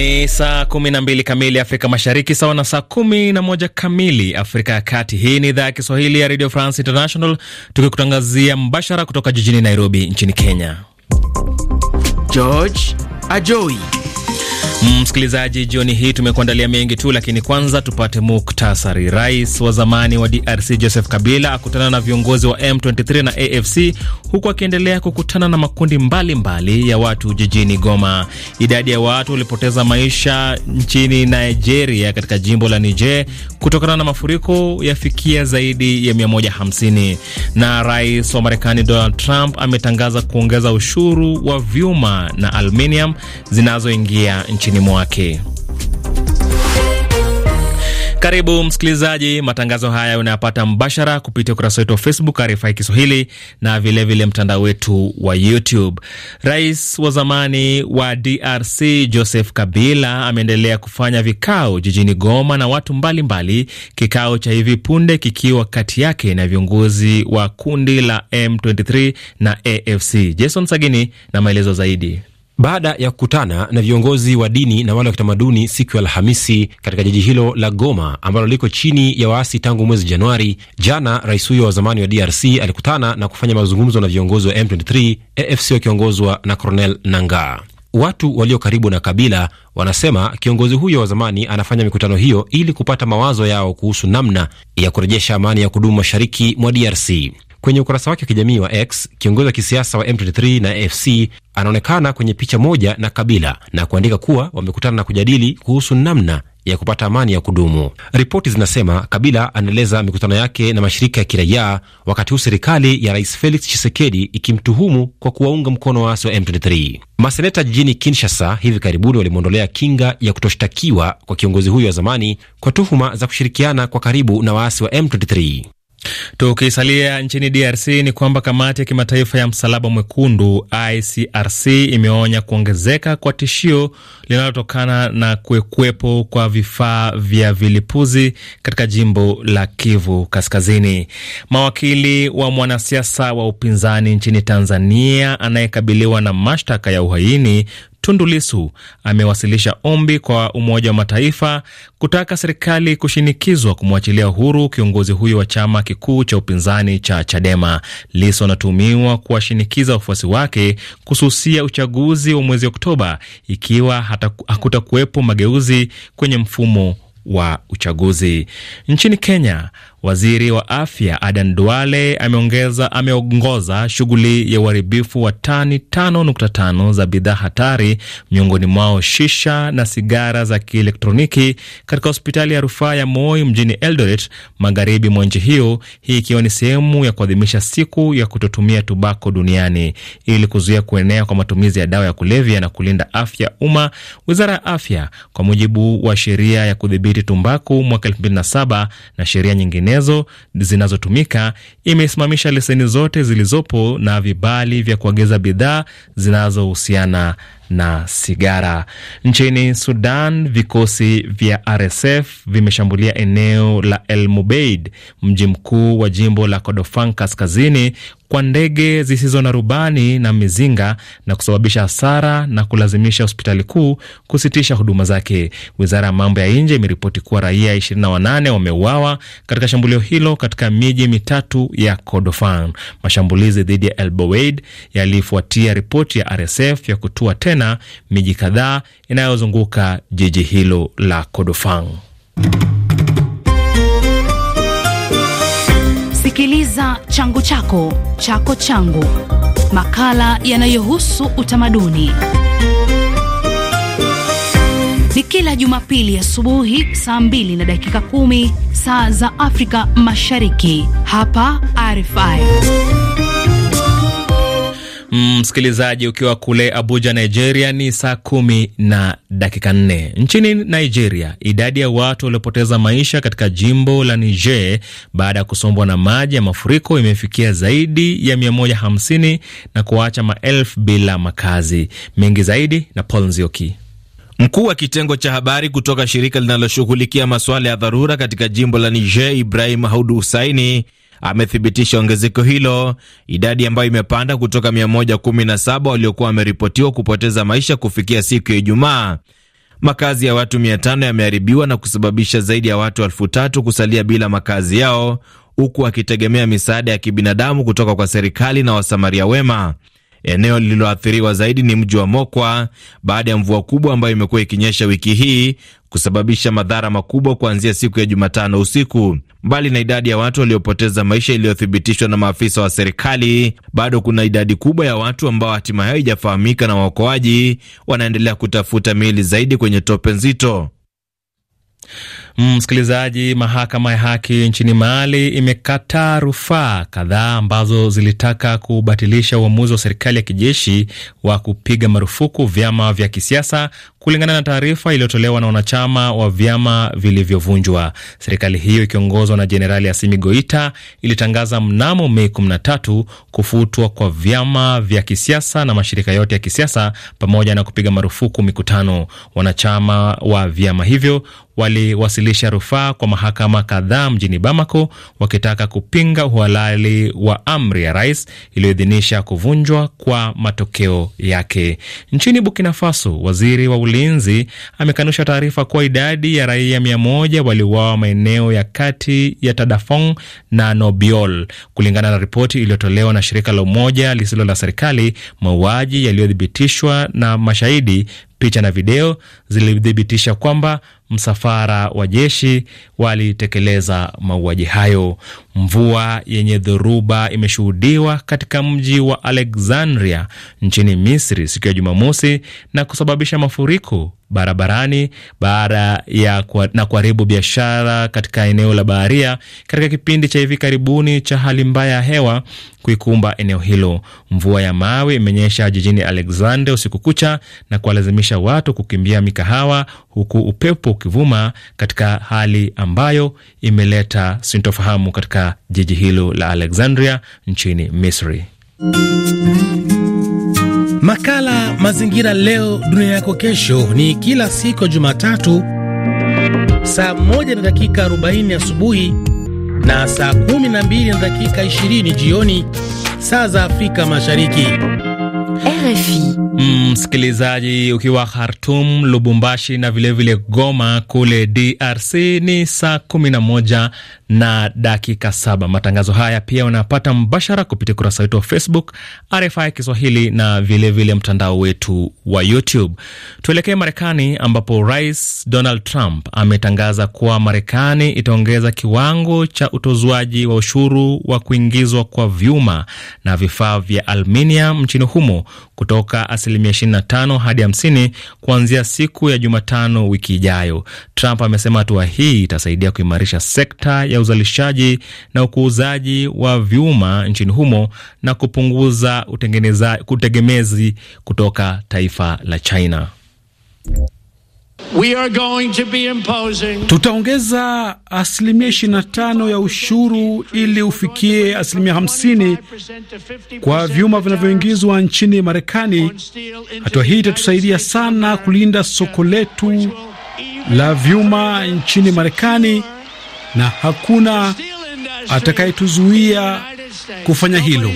Ni saa mbili kamili Afrika Mashariki, sawa na saa moja kamili Afrika ya Kati. Hii ni idhaa ya Kiswahili ya Radio France International, tukikutangazia mbashara kutoka jijini Nairobi nchini Kenya. George Ajoi Msikilizaji, jioni hii tumekuandalia mengi tu, lakini kwanza tupate muktasari. Rais wa zamani wa DRC Joseph Kabila akutana na viongozi wa M23 na AFC huku akiendelea kukutana na makundi mbalimbali mbali ya watu jijini Goma. Idadi ya watu walipoteza maisha nchini Nigeria katika jimbo la Niger kutokana na mafuriko yafikia zaidi ya 150. Na rais wa Marekani Donald Trump ametangaza kuongeza ushuru wa vyuma na aluminium zinazoingia nchini nchini mwake. Karibu msikilizaji, matangazo haya unayapata mbashara kupitia ukurasa wetu wa Facebook RFI Kiswahili na vilevile mtandao wetu wa YouTube. Rais wa zamani wa DRC Joseph Kabila ameendelea kufanya vikao jijini Goma na watu mbalimbali mbali, kikao cha hivi punde kikiwa kati yake na viongozi wa kundi la M23 na AFC. Jason Sagini na maelezo zaidi baada ya kukutana na viongozi wa dini na wale wa kitamaduni siku ya Alhamisi katika jiji hilo la Goma ambalo liko chini ya waasi tangu mwezi Januari. Jana rais huyo wa zamani wa DRC alikutana na kufanya mazungumzo na viongozi wa M23 AFC wakiongozwa na Cornel Nangaa. Watu walio karibu na Kabila wanasema kiongozi huyo wa zamani anafanya mikutano hiyo ili kupata mawazo yao kuhusu namna ya kurejesha amani ya kudumu mashariki mwa DRC. Kwenye ukurasa wake wa kijamii wa X, kiongozi wa kisiasa wa M23 na AFC anaonekana kwenye picha moja na Kabila na kuandika kuwa wamekutana na kujadili kuhusu namna ya kupata amani ya kudumu. Ripoti zinasema Kabila anaeleza mikutano yake na mashirika ya kiraia, wakati huu serikali ya Rais Felix Tshisekedi ikimtuhumu kwa kuwaunga mkono waasi wa M23. Maseneta jijini Kinshasa hivi karibuni walimwondolea kinga ya kutoshtakiwa kwa kiongozi huyo wa zamani kwa tuhuma za kushirikiana kwa karibu na waasi wa M23. Tukisalia nchini DRC ni kwamba kamati ya kimataifa ya msalaba mwekundu ICRC imeonya kuongezeka kwa tishio linalotokana na kuwepo kwa vifaa vya vilipuzi katika jimbo la Kivu Kaskazini. Mawakili wa mwanasiasa wa upinzani nchini Tanzania anayekabiliwa na mashtaka ya uhaini Tundu lisu amewasilisha ombi kwa Umoja wa Mataifa kutaka serikali kushinikizwa kumwachilia uhuru kiongozi huyo wa chama kikuu cha upinzani cha Chadema. lisu anatuhumiwa kuwashinikiza wafuasi wake kususia uchaguzi wa mwezi Oktoba ikiwa hakutakuwepo mageuzi kwenye mfumo wa uchaguzi. Nchini Kenya, Waziri wa afya Adan Duale ameongeza ameongoza shughuli ya uharibifu wa tani 5.5 za bidhaa hatari, miongoni mwao shisha na sigara za kielektroniki katika hospitali ya rufaa ya Moi mjini Eldoret, magharibi mwa nchi hiyo, hii ikiwa ni sehemu ya kuadhimisha siku ya kutotumia tubako duniani ili kuzuia kuenea kwa matumizi ya dawa ya kulevya na kulinda afya umma. Wizara ya afya, kwa mujibu wa sheria ya kudhibiti tumbaku mwaka 2007 na sheria nyingine nyinginezo zinazotumika, imesimamisha leseni zote zilizopo na vibali vya kuagiza bidhaa zinazohusiana na sigara. Nchini Sudan, vikosi vya RSF vimeshambulia eneo la El Mubeid, mji mkuu wa jimbo la Kordofan kaskazini kwa ndege zisizo na rubani na mizinga na kusababisha hasara na kulazimisha hospitali kuu kusitisha huduma zake. Wizara ya mambo ya nje imeripoti kuwa raia 28 wameuawa katika shambulio hilo katika miji mitatu ya Kordofan. Mashambulizi dhidi ya Elboweid yalifuatia ripoti ya RSF ya kutua tena tena miji kadhaa inayozunguka jiji hilo la Kodofan. Sikiliza changu chako chako changu, makala yanayohusu utamaduni ni kila Jumapili asubuhi saa 2 na dakika kumi saa za Afrika Mashariki hapa RFI. Mm, msikilizaji mm, ukiwa kule Abuja, Nigeria ni saa kumi na dakika nne. Nchini Nigeria, idadi ya watu waliopoteza maisha katika jimbo la Niger baada ya kusombwa na maji ya mafuriko imefikia zaidi ya 150 na kuacha maelfu bila makazi. Mengi zaidi na Paul Nzioki. Mkuu wa kitengo cha habari kutoka shirika linaloshughulikia masuala ya dharura katika jimbo la Niger, Ibrahim Haudu Husaini amethibitisha ongezeko hilo, idadi ambayo imepanda kutoka 117 waliokuwa wameripotiwa kupoteza maisha kufikia siku ya Ijumaa. Makazi ya watu 500 yameharibiwa na kusababisha zaidi ya watu elfu tatu kusalia bila makazi yao, huku wakitegemea misaada ya kibinadamu kutoka kwa serikali na wasamaria wema. Eneo lililoathiriwa zaidi ni mji wa Mokwa baada ya mvua kubwa ambayo imekuwa ikinyesha wiki hii kusababisha madhara makubwa kuanzia siku ya Jumatano usiku. Mbali na idadi ya watu waliopoteza maisha iliyothibitishwa na maafisa wa serikali, bado kuna idadi kubwa ya watu ambao hatima yao haijafahamika, na waokoaji wanaendelea kutafuta miili zaidi kwenye tope nzito. Msikilizaji, mahakama ya haki nchini Mali imekataa rufaa kadhaa ambazo zilitaka kubatilisha uamuzi wa serikali ya kijeshi wa kupiga marufuku vyama vya kisiasa kulingana na taarifa iliyotolewa na wanachama wa vyama vilivyovunjwa. Serikali hiyo ikiongozwa na Jenerali Asimi Goita ilitangaza mnamo Mei 13 kufutwa kwa vyama vya kisiasa na mashirika yote ya kisiasa pamoja na kupiga marufuku mikutano. Wanachama wa vyama hivyo waliwasilisha rufaa kwa mahakama kadhaa mjini Bamako wakitaka kupinga uhalali wa amri ya rais iliyoidhinisha kuvunjwa kwa matokeo yake. Nchini Burkina Faso, waziri wa ulinzi amekanusha taarifa kuwa idadi ya raia mia moja waliuawa maeneo ya kati ya Tadafong na Nobiol. Kulingana na ripoti iliyotolewa na shirika la Umoja lisilo la serikali, mauaji yaliyothibitishwa na mashahidi picha na video zilithibitisha kwamba msafara wa jeshi walitekeleza mauaji hayo. Mvua yenye dhoruba imeshuhudiwa katika mji wa Alexandria nchini Misri siku ya Jumamosi na kusababisha mafuriko barabarani baada ya kwa, na kuharibu biashara katika eneo la baharia katika kipindi cha hivi karibuni cha hali mbaya ya hewa kuikumba eneo hilo. Mvua ya mawe imenyesha jijini Alexandria usiku kucha na kuwalazimisha watu kukimbia mikahawa huku upepo ukivuma katika hali ambayo imeleta sintofahamu katika katika jiji hilo la Alexandria nchini Misri. Makala Mazingira Leo Dunia Yako Kesho ni kila siku ya Jumatatu saa 1 na dakika 40 asubuhi na saa 12 na dakika 20 jioni saa za Afrika Mashariki. Msikilizaji, mm, ukiwa Khartum, Lubumbashi na vilevile vile Goma kule DRC ni saa 11 na dakika saba. Matangazo haya pia unapata mbashara kupitia ukurasa wetu wa Facebook RFI Kiswahili na vilevile mtandao wetu wa YouTube. Tuelekee Marekani ambapo Rais Donald Trump ametangaza kuwa Marekani itaongeza kiwango cha utozwaji wa ushuru wa kuingizwa kwa vyuma na vifaa vya aluminium nchini humo kutoka asilimia 25 hadi 50 kuanzia siku ya Jumatano wiki ijayo. Trump amesema hatua hii itasaidia kuimarisha sekta ya uzalishaji na ukuuzaji wa vyuma nchini humo na kupunguza utegemezi kutoka taifa la China. We are going to be imposing... tutaongeza asilimia 25 ya ushuru ili ufikie asilimia 50 kwa vyuma vinavyoingizwa nchini Marekani. Hatua hii itatusaidia sana kulinda soko letu la vyuma nchini Marekani, na hakuna atakayetuzuia kufanya hilo.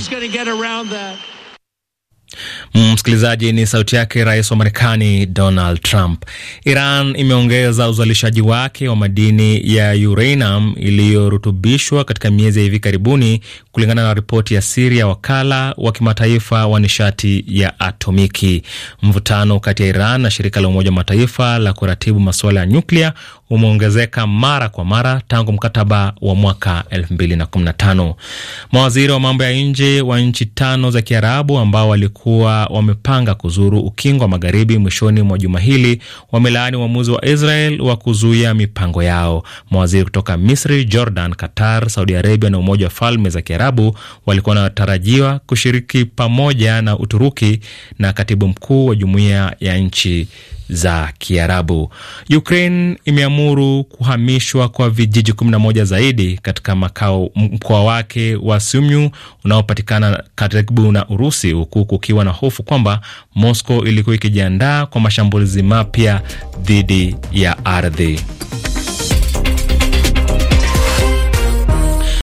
Msikilizaji, ni sauti yake rais wa Marekani Donald Trump. Iran imeongeza uzalishaji wake wa madini ya uranium iliyorutubishwa katika miezi ya hivi karibuni, kulingana na ripoti ya siri ya wakala wa kimataifa wa nishati ya atomiki. Mvutano kati ya Iran na shirika la Umoja wa Mataifa la kuratibu masuala ya nyuklia umeongezeka mara kwa mara tangu mkataba wa mwaka 2015. Mawaziri wa mambo ya nje wa nchi tano za Kiarabu ambao walikuwa wamepanga kuzuru ukingo wa magharibi mwishoni mwa juma hili wamelaani uamuzi wa Israel wa kuzuia mipango yao. Mawaziri kutoka Misri, Jordan, Qatar, Saudi Arabia na Umoja wa Falme za Kiarabu walikuwa wanatarajiwa kushiriki pamoja na Uturuki na katibu mkuu wa jumuiya ya nchi za Kiarabu. Ukraine imeamuru kuhamishwa kwa vijiji 11 zaidi katika makao mkoa wake wa Sumyu unaopatikana karibu na Urusi, huku kukiwa na hofu kwamba Moscow ilikuwa ikijiandaa kwa mashambulizi mapya dhidi ya ardhi.